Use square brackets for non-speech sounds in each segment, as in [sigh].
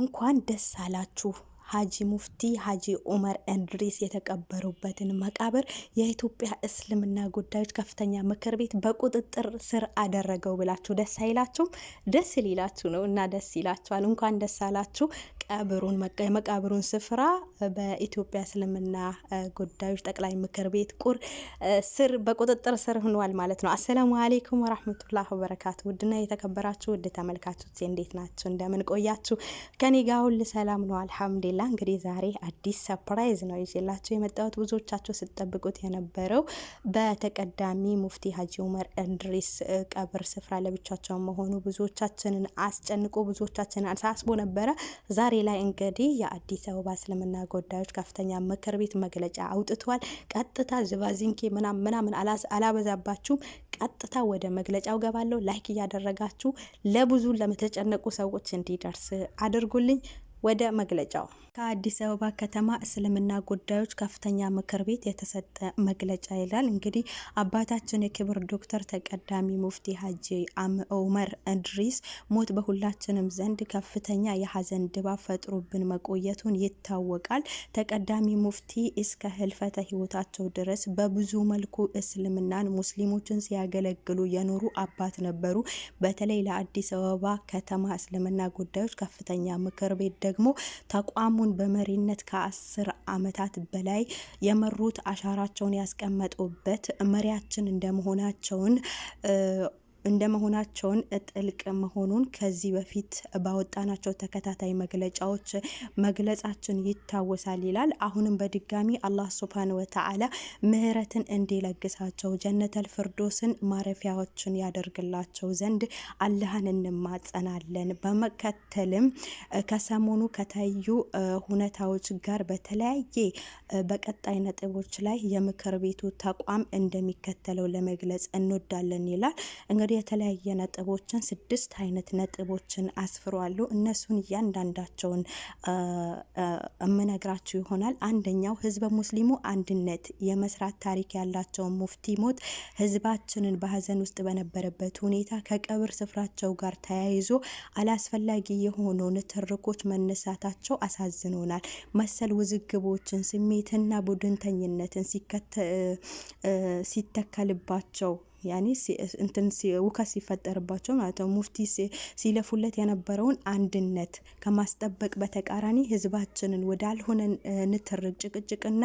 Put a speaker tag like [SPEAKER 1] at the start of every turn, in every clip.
[SPEAKER 1] እንኳን ደስ አላችሁ ሀጂ ሙፍቲ ሀጂ ኡመር እንድሪስ የተቀበሩበትን መቃብር የኢትዮጵያ እስልምና ጉዳዮች ከፍተኛ ምክር ቤት በቁጥጥር ስር አደረገው ብላችሁ ደስ አይላችሁም? ደስ ሊላችሁ ነው እና ደስ ይላችኋል። እንኳን ደስ አላችሁ። መቃብሩን የመቃብሩን ስፍራ በኢትዮጵያ እስልምና ጉዳዮች ጠቅላይ ምክር ቤት ቁር ስር በቁጥጥር ስር ሆኗል ማለት ነው። አሰላሙ አሌይኩም ወራህመቱላህ ወበረካቱ። ውድና የተከበራችሁ ውድ ተመልካቾች እንዴት ናችሁ? እንደምን ቆያችሁ? ከኔ ጋር ሁል ሰላም ነው አልሐምዱሊላ። እንግዲህ ዛሬ አዲስ ሰፕራይዝ ነው ይዤላችሁ የመጣሁት። ብዙዎቻችሁ ስትጠብቁት የነበረው በተቀዳሚ ሙፍቲ ሀጂ ኡመር እንድሪስ ቀብር ስፍራ ለብቻቸው መሆኑ ብዙዎቻችንን አስጨንቆ ብዙዎቻችንን አሳስቦ ነበረ ዛሬ ላይ እንግዲህ የአዲስ አበባ እስልምና ጉዳዮች ከፍተኛ ምክር ቤት መግለጫ አውጥቷል። ቀጥታ ዝባዚንኬ ምናምን ምናምን አላበዛባችሁም። ቀጥታ ወደ መግለጫው ገባለሁ። ላይክ እያደረጋችሁ ለብዙ ለተጨነቁ ሰዎች እንዲደርስ አድርጉልኝ። ወደ መግለጫው ከአዲስ አበባ ከተማ እስልምና ጉዳዮች ከፍተኛ ምክር ቤት የተሰጠ መግለጫ ይላል። እንግዲህ አባታችን የክብር ዶክተር ተቀዳሚ ሙፍቲ ሀጂ ኡመር እድሪስ ሞት በሁላችንም ዘንድ ከፍተኛ የሀዘን ድባብ ፈጥሮብን መቆየቱን ይታወቃል። ተቀዳሚ ሙፍቲ እስከ ህልፈተ ህይወታቸው ድረስ በብዙ መልኩ እስልምናን፣ ሙስሊሞችን ሲያገለግሉ የኖሩ አባት ነበሩ። በተለይ ለአዲስ አበባ ከተማ እስልምና ጉዳዮች ከፍተኛ ምክር ቤት ደግሞ ተቋሙ ተቋሙን በመሪነት ከአስር አመታት በላይ የመሩት አሻራቸውን ያስቀመጡበት መሪያችን እንደመሆናቸውን እንደመሆናቸውን ጥልቅ መሆኑን ከዚህ በፊት ባወጣናቸው ተከታታይ መግለጫዎች መግለጻችን ይታወሳል ይላል። አሁንም በድጋሚ አላህ ሱብሃነሁ ወተዓላ ምህረትን እንዲለግሳቸው ጀነተል ፍርዶስን ማረፊያዎችን ያደርግላቸው ዘንድ አላህን እንማጸናለን። በመከተልም ከሰሞኑ ከታዩ ሁነታዎች ጋር በተለያየ በቀጣይ ነጥቦች ላይ የምክር ቤቱ ተቋም እንደሚከተለው ለመግለጽ እንወዳለን ይላል እንግዲህ እንግዲህ የተለያየ ነጥቦችን ስድስት አይነት ነጥቦችን አስፍሯሉ። እነሱን እያንዳንዳቸውን የምነግራችሁ ይሆናል። አንደኛው ህዝበ ሙስሊሙ አንድነት የመስራት ታሪክ ያላቸውን ሙፍቲ ሞት ህዝባችንን በሀዘን ውስጥ በነበረበት ሁኔታ ከቀብር ስፍራቸው ጋር ተያይዞ አላስፈላጊ የሆኑ ንትርኮች መነሳታቸው አሳዝኖናል። መሰል ውዝግቦችን ስሜትና ቡድንተኝነትን ሲተከልባቸው ያኔ ሲፈጠርባቸው ማለት ነው። ሙፍቲ ሲለፉለት የነበረውን አንድነት ከማስጠበቅ በተቃራኒ ህዝባችንን ወዳልሆነ ንትርቅ፣ ጭቅጭቅና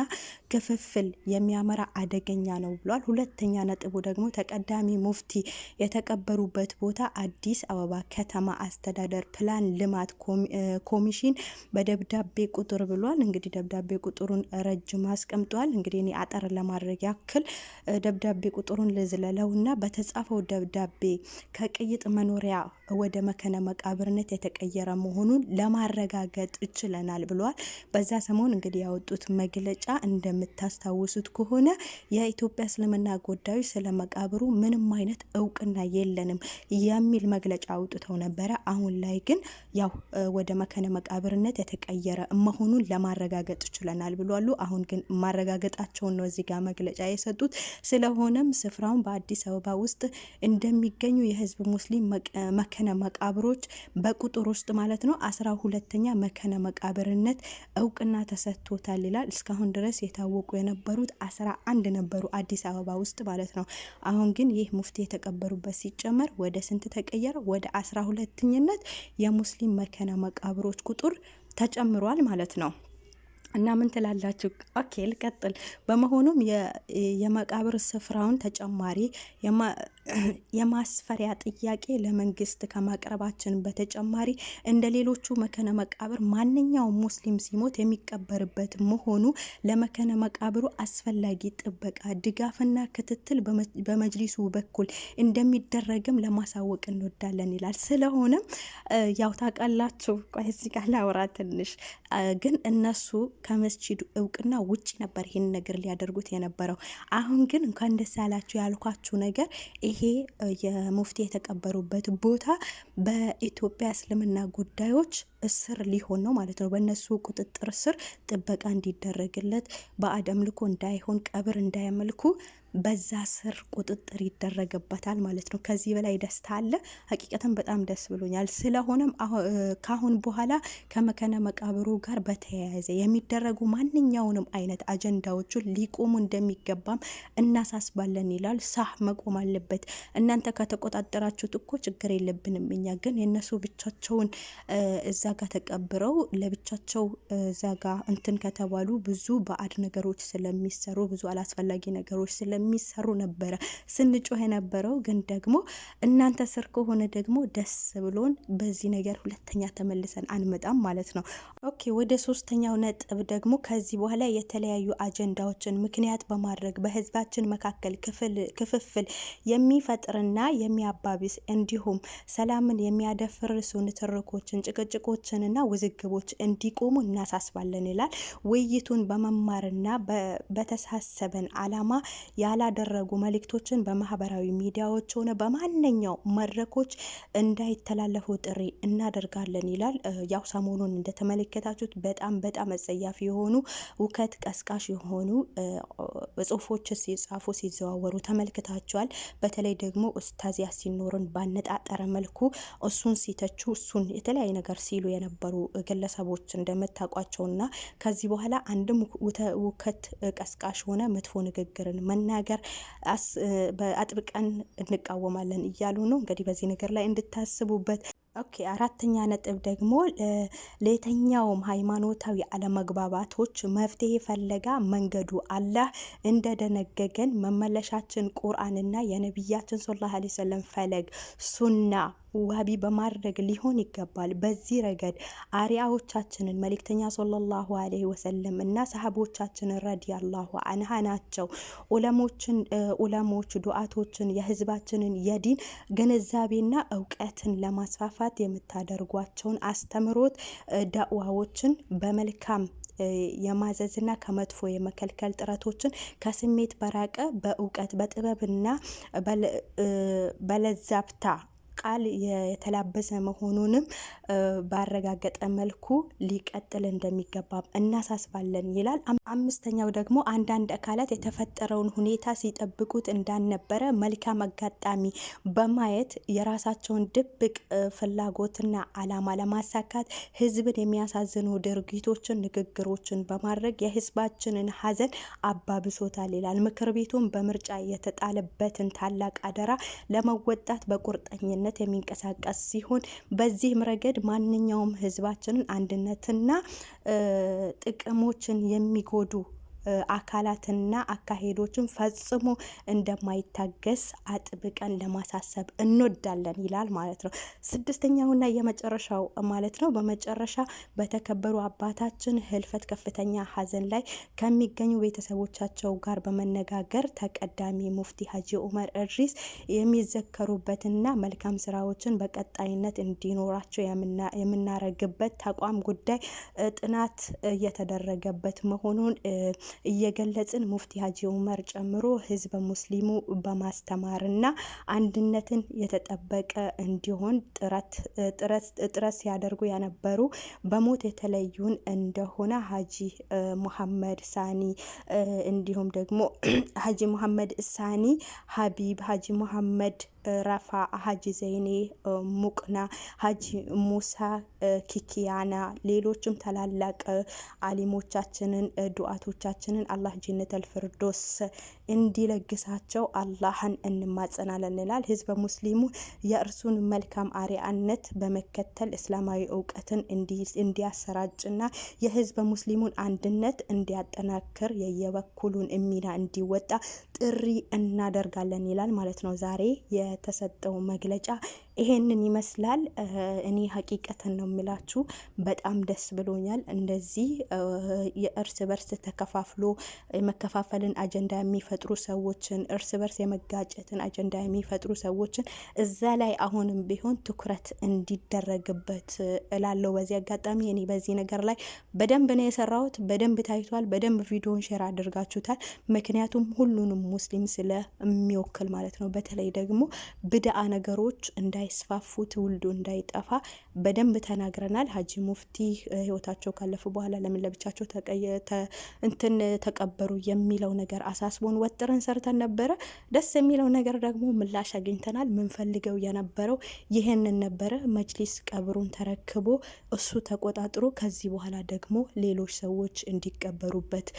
[SPEAKER 1] ክፍፍል የሚያመራ አደገኛ ነው ብሏል። ሁለተኛ ነጥቡ ደግሞ ተቀዳሚ ሙፍቲ የተቀበሩበት ቦታ አዲስ አበባ ከተማ አስተዳደር ፕላን ልማት ኮሚሽን በደብዳቤ ቁጥር ብሏል። እንግዲህ ደብዳቤ ቁጥሩን ረጅም አስቀምጧል። እንግዲህ እኔ አጠር ለማድረግ ያክል ደብዳቤ ቁጥሩን ልዝለለው ነውና በተጻፈው ደብዳቤ ከቅይጥ መኖሪያ ወደ መከነ መቃብርነት የተቀየረ መሆኑን ለማረጋገጥ ችለናል ብሏል። በዛ ሰሞን እንግዲህ ያወጡት መግለጫ እንደምታስታውሱት ከሆነ የኢትዮጵያ እስልምና ጉዳዮች ስለ መቃብሩ ምንም አይነት እውቅና የለንም የሚል መግለጫ አውጥተው ነበረ። አሁን ላይ ግን ያው ወደ መከነ መቃብርነት የተቀየረ መሆኑን ለማረጋገጥ ችለናል ብሏሉ። አሁን ግን ማረጋገጣቸውን ነው እዚህ ጋር መግለጫ የሰጡት። ስለሆነም ስፍራውን በአዲስ አዲስ አበባ ውስጥ እንደሚገኙ የህዝብ ሙስሊም መከነ መቃብሮች በቁጥር ውስጥ ማለት ነው አስራ ሁለተኛ መከነ መቃብርነት እውቅና ተሰጥቶታል ይላል። እስካሁን ድረስ የታወቁ የነበሩት አስራ አንድ ነበሩ አዲስ አበባ ውስጥ ማለት ነው። አሁን ግን ይህ ሙፍቲ የተቀበሩበት ሲጨመር ወደ ስንት ተቀየረ? ወደ አስራ ሁለተኝነት የሙስሊም መከነ መቃብሮች ቁጥር ተጨምሯል ማለት ነው። እና ምን ትላላችሁ? ኦኬ ልቀጥል። በመሆኑም የመቃብር ስፍራውን ተጨማሪ የማስፈሪያ ጥያቄ ለመንግስት ከማቅረባችን በተጨማሪ እንደ ሌሎቹ መከነ መቃብር ማንኛውም ሙስሊም ሲሞት የሚቀበርበት መሆኑ ለመከነ መቃብሩ አስፈላጊ ጥበቃ፣ ድጋፍና ክትትል በመጅሊሱ በኩል እንደሚደረግም ለማሳወቅ እንወዳለን ይላል። ስለሆነም ያው ታውቃላችሁ፣ ቆይ እዚህ ጋር ላውራ ትንሽ ግን እነሱ ከመስጂዱ እውቅና ውጭ ነበር ይህን ነገር ሊያደርጉት የነበረው። አሁን ግን እንኳን ደስ ያላችሁ ያልኳችሁ ነገር ይሄ የሙፍቲ የተቀበሩበት ቦታ በኢትዮጵያ እስልምና ጉዳዮች እስር ሊሆን ነው ማለት ነው። በእነሱ ቁጥጥር ስር ጥበቃ እንዲደረግለት በአደም ልኮ እንዳይሆን፣ ቀብር እንዳያመልኩ በዛ ስር ቁጥጥር ይደረግበታል ማለት ነው። ከዚህ በላይ ደስታ አለ? ሀቂቀትን በጣም ደስ ብሎኛል። ስለሆነም ካሁን በኋላ ከመከነ መቃብሩ ጋር በተያያዘ የሚደረጉ ማንኛውንም አይነት አጀንዳዎቹን ሊቆሙ እንደሚገባም እናሳስባለን ይላል። ሳህ መቆም አለበት። እናንተ ከተቆጣጠራችሁት እኮ ችግር የለብንም እኛ ግን የእነሱ ብቻቸውን እዛ ጋ ተቀብረው ለብቻቸው እዛ እንትን ከተባሉ ብዙ በአድ ነገሮች ስለሚሰሩ ብዙ አላስፈላጊ ነገሮች ስለሚሰሩ ነበረ ስንጮህ የነበረው። ግን ደግሞ እናንተ ስር ከሆነ ደግሞ ደስ ብሎን በዚህ ነገር ሁለተኛ ተመልሰን አንመጣም ማለት ነው። ኦኬ ወደ ሶስተኛው ነጥብ ደግሞ ከዚህ በኋላ የተለያዩ አጀንዳዎችን ምክንያት በማድረግ በህዝባችን መካከል ክፍፍል የሚፈጥርና የሚያባብስ እንዲሁም ሰላምን የሚያደፍርሱ ንትርኮችን፣ ጭቅጭቆ ግጭቶችንና ውዝግቦች እንዲቆሙ እናሳስባለን ይላል። ውይይቱን በመማርና በተሳሰበን አላማ ያላደረጉ መልእክቶችን በማህበራዊ ሚዲያዎች ሆነ በማንኛው መድረኮች እንዳይተላለፉ ጥሪ እናደርጋለን ይላል። ያው ሰሞኑን እንደተመለከታችሁት በጣም በጣም አጸያፊ የሆኑ ውከት ቀስቃሽ የሆኑ ጽሁፎች ሲጻፉ ሲዘዋወሩ ተመልክታችኋል። በተለይ ደግሞ ኡስታዝ ያሲን ኑርን ባነጣጠረ መልኩ እሱን ሲተቹ እሱን የተለያየ ነገር ሲሉ የነበሩ ግለሰቦች እንደምታውቋቸውና ከዚህ በኋላ አንድም ውከት ቀስቃሽ ሆነ መጥፎ ንግግርን መናገር አጥብቀን እንቃወማለን እያሉ ነው። እንግዲህ በዚህ ነገር ላይ እንድታስቡበት ኦኬ አራተኛ ነጥብ ደግሞ ለየተኛውም ሃይማኖታዊ አለመግባባቶች መፍትሄ ፈለጋ መንገዱ አላህ እንደደነገገን መመለሻችን ቁርአንና የነቢያችን ሰለላሁ ዐለይሂ ወሰለም ፈለግ ሱና ዋቢ በማድረግ ሊሆን ይገባል። በዚህ ረገድ አሪያዎቻችንን መልእክተኛ ሶለላሁ አለይሂ ወሰለም እና ሰሃቦቻችንን ረዲያላሁ አንሃ ናቸው። ኡለሞችን ኡለሞች ዱዓቶችን የህዝባችንን የዲን ግንዛቤና እውቀትን ለማስፋፋት የምታደርጓቸውን አስተምሮት ዳዕዋዎችን በመልካም የማዘዝና ከመጥፎ የመከልከል ጥረቶችን ከስሜት በራቀ በእውቀት በጥበብና በለዛብታ ቃል የተላበሰ መሆኑንም ባረጋገጠ መልኩ ሊቀጥል እንደሚገባም እናሳስባለን ይላል። አምስተኛው ደግሞ አንዳንድ አካላት የተፈጠረውን ሁኔታ ሲጠብቁት እንዳልነበረ መልካም አጋጣሚ በማየት የራሳቸውን ድብቅ ፍላጎትና አላማ ለማሳካት ህዝብን የሚያሳዝኑ ድርጊቶችን፣ ንግግሮችን በማድረግ የህዝባችንን ሀዘን አባብሶታል ይላል። ምክር ቤቱም በምርጫ የተጣለበትን ታላቅ አደራ ለመወጣት በቁርጠኝነት በአንድነት የሚንቀሳቀስ ሲሆን በዚህም ረገድ ማንኛውም ህዝባችንን አንድነትና ጥቅሞችን የሚጎዱ አካላትና አካሄዶችን ፈጽሞ እንደማይታገስ አጥብቀን ለማሳሰብ እንወዳለን ይላል ማለት ነው። ስድስተኛውና የመጨረሻው ማለት ነው። በመጨረሻ በተከበሩ አባታችን ህልፈት ከፍተኛ ሀዘን ላይ ከሚገኙ ቤተሰቦቻቸው ጋር በመነጋገር ተቀዳሚ ሙፍቲ ሀጂ ኡመር እድሪስ የሚዘከሩበትና መልካም ስራዎችን በቀጣይነት እንዲኖራቸው የምናረግበት ተቋም ጉዳይ ጥናት እየተደረገበት መሆኑን እየገለጽን ሙፍቲ ሀጂ ኡመር ጨምሮ ህዝበ ሙስሊሙ በማስተማርና አንድነትን የተጠበቀ እንዲሆን ጥረት ሲያደርጉ የነበሩ በሞት የተለዩን እንደሆነ ሀጂ ሙሐመድ ሳኒ እንዲሁም ደግሞ [clears throat] ሀጂ ሙሐመድ ሳኒ ሀቢብ ሀጂ ሙሐመድ ረፋ ሀጂ ዘይኔ ሙቅና ሀጂ ሙሳ ኪኪያና ሌሎችም ታላላቅ አሊሞቻችንን ዱዓቶቻችንን አላህ ጀነተል ፍርዶስ እንዲለግሳቸው አላህን እንማጸናለን ይላል። ህዝበ ሙስሊሙ የእርሱን መልካም አርአያነት በመከተል እስላማዊ እውቀትን እንዲያሰራጭና የህዝበ ሙስሊሙን አንድነት እንዲያጠናክር የየበኩሉን ሚና እንዲወጣ ጥሪ እናደርጋለን ይላል ማለት ነው ዛሬ የተሰጠው መግለጫ ይሄንን ይመስላል። እኔ ሀቂቀትን ነው የምላችሁ፣ በጣም ደስ ብሎኛል። እንደዚህ የእርስ በርስ ተከፋፍሎ መከፋፈልን አጀንዳ የሚፈጥሩ ሰዎችን እርስ በርስ የመጋጨትን አጀንዳ የሚፈጥሩ ሰዎችን እዛ ላይ አሁንም ቢሆን ትኩረት እንዲደረግበት እላለሁ። በዚህ አጋጣሚ እኔ በዚህ ነገር ላይ በደንብ ነው የሰራሁት። በደንብ ታይቷል። በደንብ ቪዲዮን ሼር አድርጋችሁታል። ምክንያቱም ሁሉንም ሙስሊም ስለሚወክል ማለት ነው። በተለይ ደግሞ ብድአ ነገሮች እንዳይ እንዳይስፋፉ ትውልዱ እንዳይጠፋ በደንብ ተናግረናል። ሀጂ ሙፍቲ ህይወታቸው ካለፉ በኋላ ለምን ለብቻቸው እንትን ተቀበሩ የሚለው ነገር አሳስቦን ወጥረን ሰርተን ነበረ። ደስ የሚለው ነገር ደግሞ ምላሽ አግኝተናል። ምንፈልገው የነበረው ይህንን ነበረ። መጅሊስ ቀብሩን ተረክቦ እሱ ተቆጣጥሮ ከዚህ በኋላ ደግሞ ሌሎች ሰዎች እንዲቀበሩበት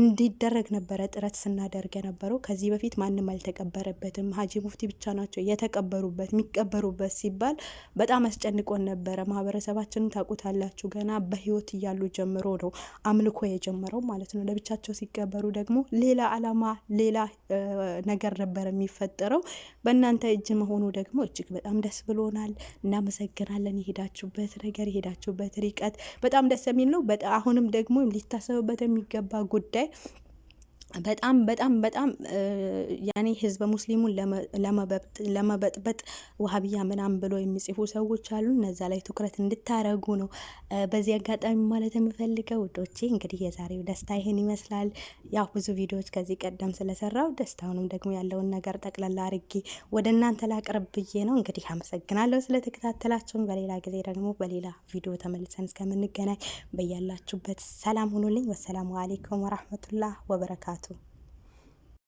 [SPEAKER 1] እንዲደረግ ነበረ ጥረት ስናደርግ የነበረው። ከዚህ በፊት ማንም አልተቀበረበትም። ሀጂ ሙፍቲ ብቻ ናቸው የተቀበሩበት የሚቀበሩበት ያሉበት ሲባል በጣም አስጨንቆን ነበረ። ማህበረሰባችንን ታውቁታላችሁ። ገና በህይወት እያሉ ጀምሮ ነው አምልኮ የጀመረው ማለት ነው። ለብቻቸው ሲቀበሩ ደግሞ ሌላ አላማ፣ ሌላ ነገር ነበር የሚፈጠረው። በእናንተ እጅ መሆኑ ደግሞ እጅግ በጣም ደስ ብሎናል። እናመሰግናለን። የሄዳችሁበት ነገር የሄዳችሁበት ርቀት በጣም ደስ የሚል ነው። አሁንም ደግሞ ሊታሰብበት የሚገባ ጉዳይ በጣም በጣም በጣም ያኔ ህዝበ ሙስሊሙን ለመበጥበጥ ውሀብያ ምናምን ብሎ የሚጽፉ ሰዎች አሉ። እነዛ ላይ ትኩረት እንድታረጉ ነው በዚህ አጋጣሚ ማለት የምፈልገው ውዶቼ። እንግዲህ የዛሬው ደስታ ይህን ይመስላል። ያው ብዙ ቪዲዮዎች ከዚህ ቀደም ስለሰራው ደስታውንም ደግሞ ያለውን ነገር ጠቅላላ አርጌ ወደ እናንተ ላቅርብ ብዬ ነው። እንግዲህ አመሰግናለሁ ስለተከታተላችሁን። በሌላ ጊዜ ደግሞ በሌላ ቪዲዮ ተመልሰን እስከምንገናኝ በያላችሁበት ሰላም ሁኑልኝ። ወሰላሙ አሌይኩም ወራህመቱላህ ወበረካቱ tout.